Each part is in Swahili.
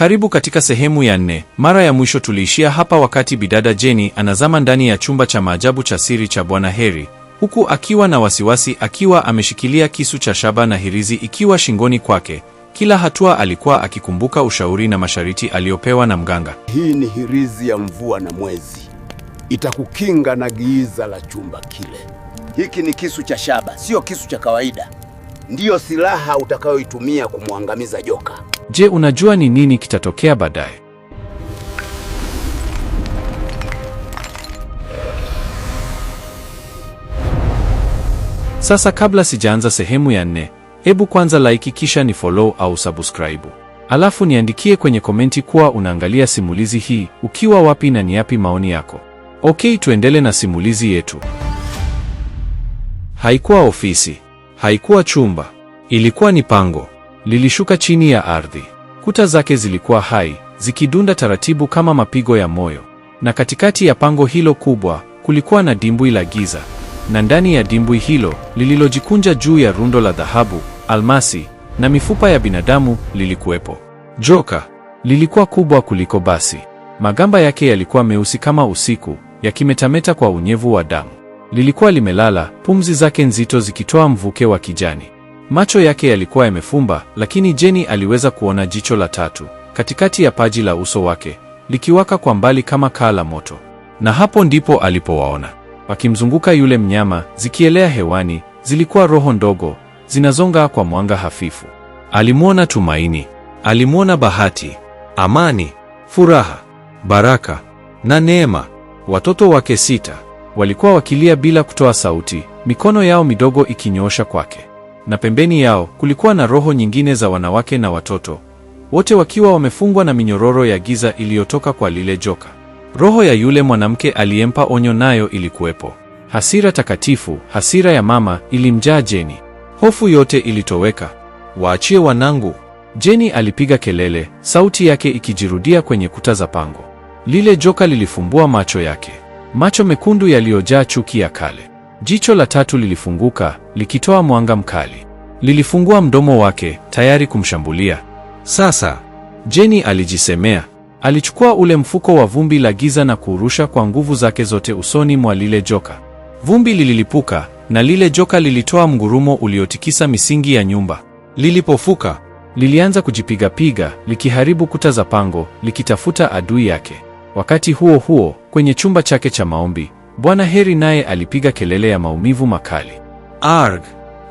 Karibu katika sehemu ya nne. Mara ya mwisho tuliishia hapa wakati bidada Jeni anazama ndani ya chumba cha maajabu cha siri cha Bwana Heri huku akiwa na wasiwasi, akiwa ameshikilia kisu cha shaba na hirizi ikiwa shingoni kwake. Kila hatua alikuwa akikumbuka ushauri na masharti aliyopewa na mganga. Hii ni hirizi ya mvua na mwezi, itakukinga na giza la chumba kile. Hiki ni kisu cha shaba, sio kisu cha kawaida, ndiyo silaha utakayoitumia kumwangamiza joka. Je, unajua ni nini kitatokea baadaye? Sasa kabla sijaanza sehemu ya nne, hebu kwanza like kisha ni follow au subscribe. Alafu niandikie kwenye komenti kuwa unaangalia simulizi hii ukiwa wapi na ni yapi maoni yako. Okay, tuendele na simulizi yetu. Haikuwa ofisi, haikuwa chumba, ilikuwa ni pango. Lilishuka chini ya ardhi. Kuta zake zilikuwa hai, zikidunda taratibu kama mapigo ya moyo. Na katikati ya pango hilo kubwa kulikuwa na dimbwi la giza, na ndani ya dimbwi hilo lililojikunja juu ya rundo la dhahabu, almasi na mifupa ya binadamu lilikuwepo joka. Lilikuwa kubwa kuliko basi. Magamba yake yalikuwa meusi kama usiku, yakimetameta kwa unyevu wa damu. Lilikuwa limelala, pumzi zake nzito zikitoa mvuke wa kijani. Macho yake yalikuwa yamefumba, lakini Jeni aliweza kuona jicho la tatu katikati ya paji la uso wake likiwaka kwa mbali kama kaa la moto, na hapo ndipo alipowaona wakimzunguka yule mnyama, zikielea hewani. Zilikuwa roho ndogo zinazong'aa kwa mwanga hafifu. Alimwona Tumaini, alimwona Bahati, Amani, Furaha, Baraka na Neema. Watoto wake sita walikuwa wakilia bila kutoa sauti, mikono yao midogo ikinyoosha kwake na pembeni yao kulikuwa na roho nyingine za wanawake na watoto, wote wakiwa wamefungwa na minyororo ya giza iliyotoka kwa lile joka. Roho ya yule mwanamke aliyempa onyo nayo ilikuwepo. Hasira takatifu, hasira ya mama ilimjaa Jeni. Hofu yote ilitoweka. Waachie wanangu, Jeni alipiga kelele, sauti yake ikijirudia kwenye kuta za pango. Lile joka lilifumbua macho yake, macho mekundu yaliyojaa chuki ya kale. Jicho la tatu lilifunguka likitoa mwanga mkali. Lilifungua mdomo wake tayari kumshambulia. Sasa, Jeni alijisemea. Alichukua ule mfuko wa vumbi la giza na kuurusha kwa nguvu zake zote usoni mwa lile joka. Vumbi lililipuka na lile joka lilitoa mgurumo uliotikisa misingi ya nyumba. Lilipofuka, lilianza kujipigapiga likiharibu kuta za pango likitafuta adui yake. Wakati huo huo, kwenye chumba chake cha maombi, Bwana Heri naye alipiga kelele ya maumivu makali. Arg,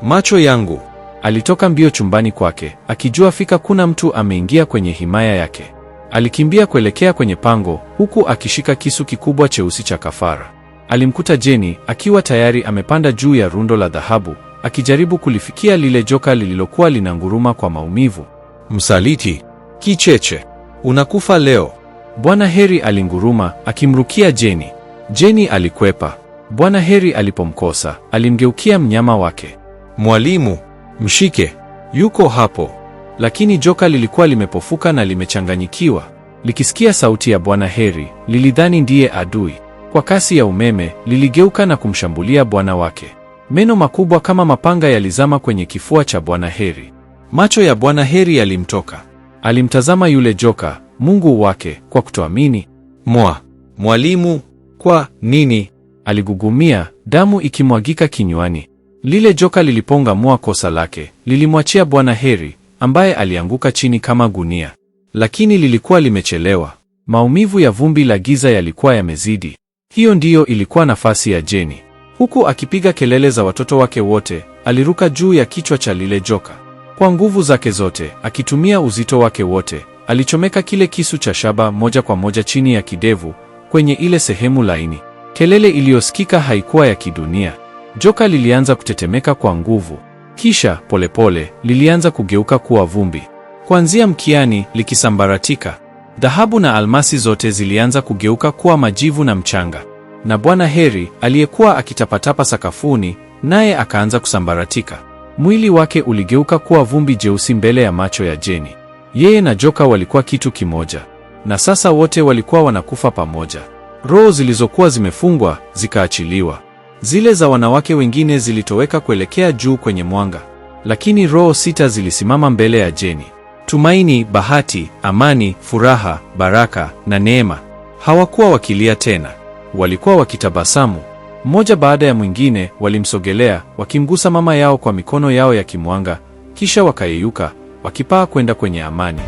macho yangu! Alitoka mbio chumbani kwake, akijua fika kuna mtu ameingia kwenye himaya yake. Alikimbia kuelekea kwenye pango, huku akishika kisu kikubwa cheusi cha kafara. Alimkuta Jeni akiwa tayari amepanda juu ya rundo la dhahabu, akijaribu kulifikia lile joka lililokuwa linanguruma kwa maumivu. Msaliti, kicheche, unakufa leo! Bwana Heri alinguruma, akimrukia Jeni. Jeni alikwepa. Bwana Heri alipomkosa, alimgeukia mnyama wake. Mwalimu, mshike, yuko hapo. Lakini joka lilikuwa limepofuka na limechanganyikiwa. Likisikia sauti ya Bwana Heri, lilidhani ndiye adui. Kwa kasi ya umeme, liligeuka na kumshambulia bwana wake. Meno makubwa kama mapanga yalizama kwenye kifua cha Bwana Heri. Macho ya Bwana Heri yalimtoka. Alimtazama yule joka, Mungu wake, kwa kutoamini. Mwa, mwalimu kwa nini? Aligugumia, damu ikimwagika kinywani. Lile joka lilipongamua kosa lake, lilimwachia Bwana Heri ambaye alianguka chini kama gunia, lakini lilikuwa limechelewa. Maumivu ya vumbi la giza yalikuwa yamezidi. Hiyo ndiyo ilikuwa nafasi ya Jeni. Huku akipiga kelele za watoto wake wote, aliruka juu ya kichwa cha lile joka kwa nguvu zake zote, akitumia uzito wake wote. Alichomeka kile kisu cha shaba moja kwa moja chini ya kidevu kwenye ile sehemu laini. Kelele iliyosikika haikuwa ya kidunia. Joka lilianza kutetemeka kwa nguvu, kisha polepole pole, lilianza kugeuka kuwa vumbi, kuanzia mkiani likisambaratika. Dhahabu na almasi zote zilianza kugeuka kuwa majivu na mchanga, na Bwana Heri aliyekuwa akitapatapa sakafuni, naye akaanza kusambaratika. Mwili wake uligeuka kuwa vumbi jeusi mbele ya macho ya Jeni. Yeye na joka walikuwa kitu kimoja na sasa wote walikuwa wanakufa pamoja. Roho zilizokuwa zimefungwa zikaachiliwa, zile za wanawake wengine zilitoweka kuelekea juu kwenye mwanga, lakini roho sita zilisimama mbele ya Jeni: tumaini, bahati, amani, furaha, baraka na neema. Hawakuwa wakilia tena, walikuwa wakitabasamu. Mmoja baada ya mwingine walimsogelea, wakimgusa mama yao kwa mikono yao ya kimwanga, kisha wakayeyuka wakipaa kwenda kwenye amani.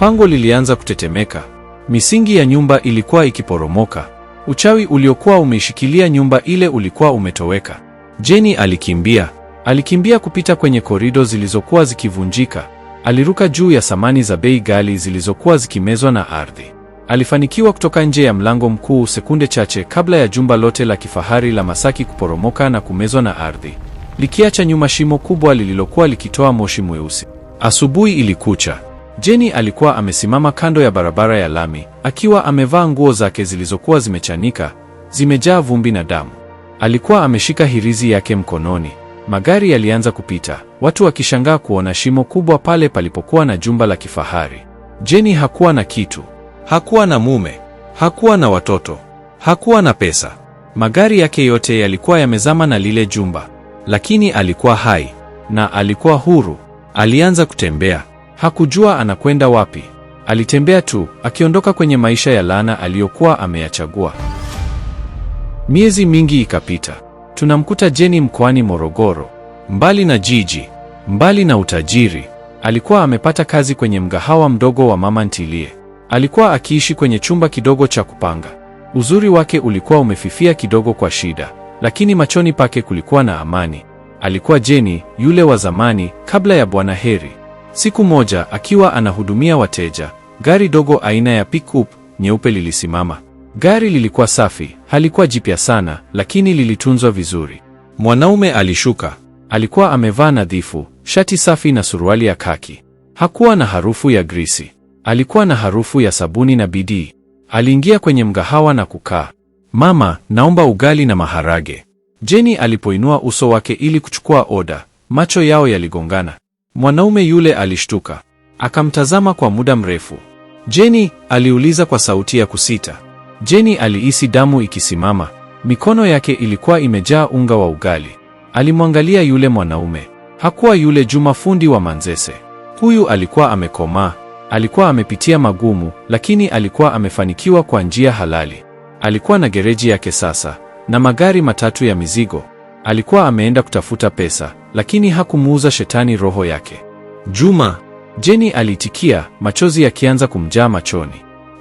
Pango lilianza kutetemeka, misingi ya nyumba ilikuwa ikiporomoka, uchawi uliokuwa umeishikilia nyumba ile ulikuwa umetoweka. Jeni alikimbia, alikimbia kupita kwenye korido zilizokuwa zikivunjika, aliruka juu ya samani za bei ghali zilizokuwa zikimezwa na ardhi. Alifanikiwa kutoka nje ya mlango mkuu sekunde chache kabla ya jumba lote la kifahari la Masaki kuporomoka na kumezwa na ardhi, likiacha nyuma shimo kubwa lililokuwa likitoa moshi mweusi. Asubuhi ilikucha. Jeni alikuwa amesimama kando ya barabara ya lami akiwa amevaa nguo zake zilizokuwa zimechanika, zimejaa vumbi na damu. Alikuwa ameshika hirizi yake mkononi. Magari yalianza kupita, watu wakishangaa kuona shimo kubwa pale palipokuwa na jumba la kifahari. Jeni hakuwa na kitu, hakuwa na mume, hakuwa na watoto, hakuwa na pesa. Magari yake yote yalikuwa yamezama na lile jumba, lakini alikuwa hai na alikuwa huru. Alianza kutembea. Hakujua anakwenda wapi. Alitembea tu akiondoka kwenye maisha ya laana aliyokuwa ameyachagua. Miezi mingi ikapita. Tunamkuta Jeni mkoani Morogoro, mbali na jiji, mbali na utajiri. Alikuwa amepata kazi kwenye mgahawa mdogo wa mama ntilie. Alikuwa akiishi kwenye chumba kidogo cha kupanga. Uzuri wake ulikuwa umefifia kidogo kwa shida, lakini machoni pake kulikuwa na amani. Alikuwa Jeni yule wa zamani kabla ya Bwana Heri. Siku moja akiwa anahudumia wateja, gari dogo aina ya pickup nyeupe lilisimama. Gari lilikuwa safi, halikuwa jipya sana, lakini lilitunzwa vizuri. Mwanaume alishuka. Alikuwa amevaa nadhifu, shati safi na suruali ya kaki. Hakuwa na harufu ya grisi, alikuwa na harufu ya sabuni na bidii. Aliingia kwenye mgahawa na kukaa. Mama, naomba ugali na maharage. Jenny alipoinua uso wake ili kuchukua oda, macho yao yaligongana. Mwanaume yule alishtuka, akamtazama kwa muda mrefu. Jeni aliuliza kwa sauti ya kusita. Jeni alihisi damu ikisimama, mikono yake ilikuwa imejaa unga wa ugali. Alimwangalia yule mwanaume, hakuwa yule Juma fundi wa Manzese. Huyu alikuwa amekomaa, alikuwa amepitia magumu, lakini alikuwa amefanikiwa kwa njia halali. Alikuwa na gereji yake sasa na magari matatu ya mizigo. Alikuwa ameenda kutafuta pesa lakini hakumuuza shetani roho yake. Juma, Jeni alitikia machozi yakianza kumjaa machoni.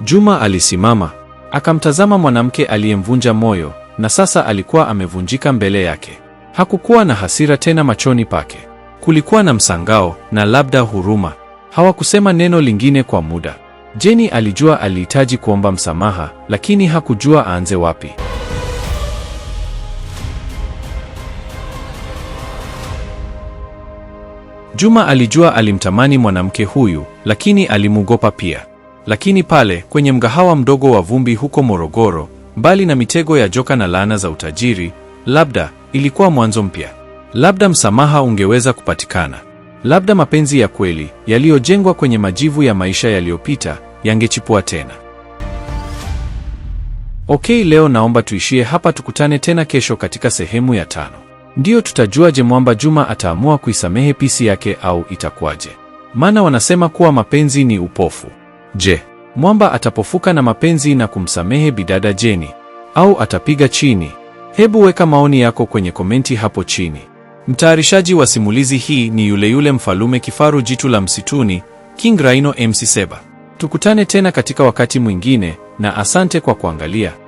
Juma alisimama akamtazama mwanamke aliyemvunja moyo, na sasa alikuwa amevunjika mbele yake. Hakukuwa na hasira tena machoni pake, kulikuwa na msangao na labda huruma. Hawakusema neno lingine kwa muda. Jeni alijua alihitaji kuomba msamaha, lakini hakujua aanze wapi. Juma alijua alimtamani mwanamke huyu, lakini alimwogopa pia. Lakini pale kwenye mgahawa mdogo wa vumbi huko Morogoro, mbali na mitego ya joka na laana za utajiri, labda ilikuwa mwanzo mpya. Labda msamaha ungeweza kupatikana. Labda mapenzi ya kweli yaliyojengwa kwenye majivu ya maisha yaliyopita yangechipua tena. Okay, leo naomba tuishie hapa, tukutane tena kesho katika sehemu ya tano. Ndiyo tutajuaje mwamba Juma ataamua kuisamehe pisi yake au itakuwaje? Maana wanasema kuwa mapenzi ni upofu. Je, mwamba atapofuka na mapenzi na kumsamehe bidada Jeni au atapiga chini? Hebu weka maoni yako kwenye komenti hapo chini. Mtayarishaji wa simulizi hii ni yule yule mfalume kifaru jitu la msituni King Rhino MC Seba. Tukutane tena katika wakati mwingine na asante kwa kuangalia.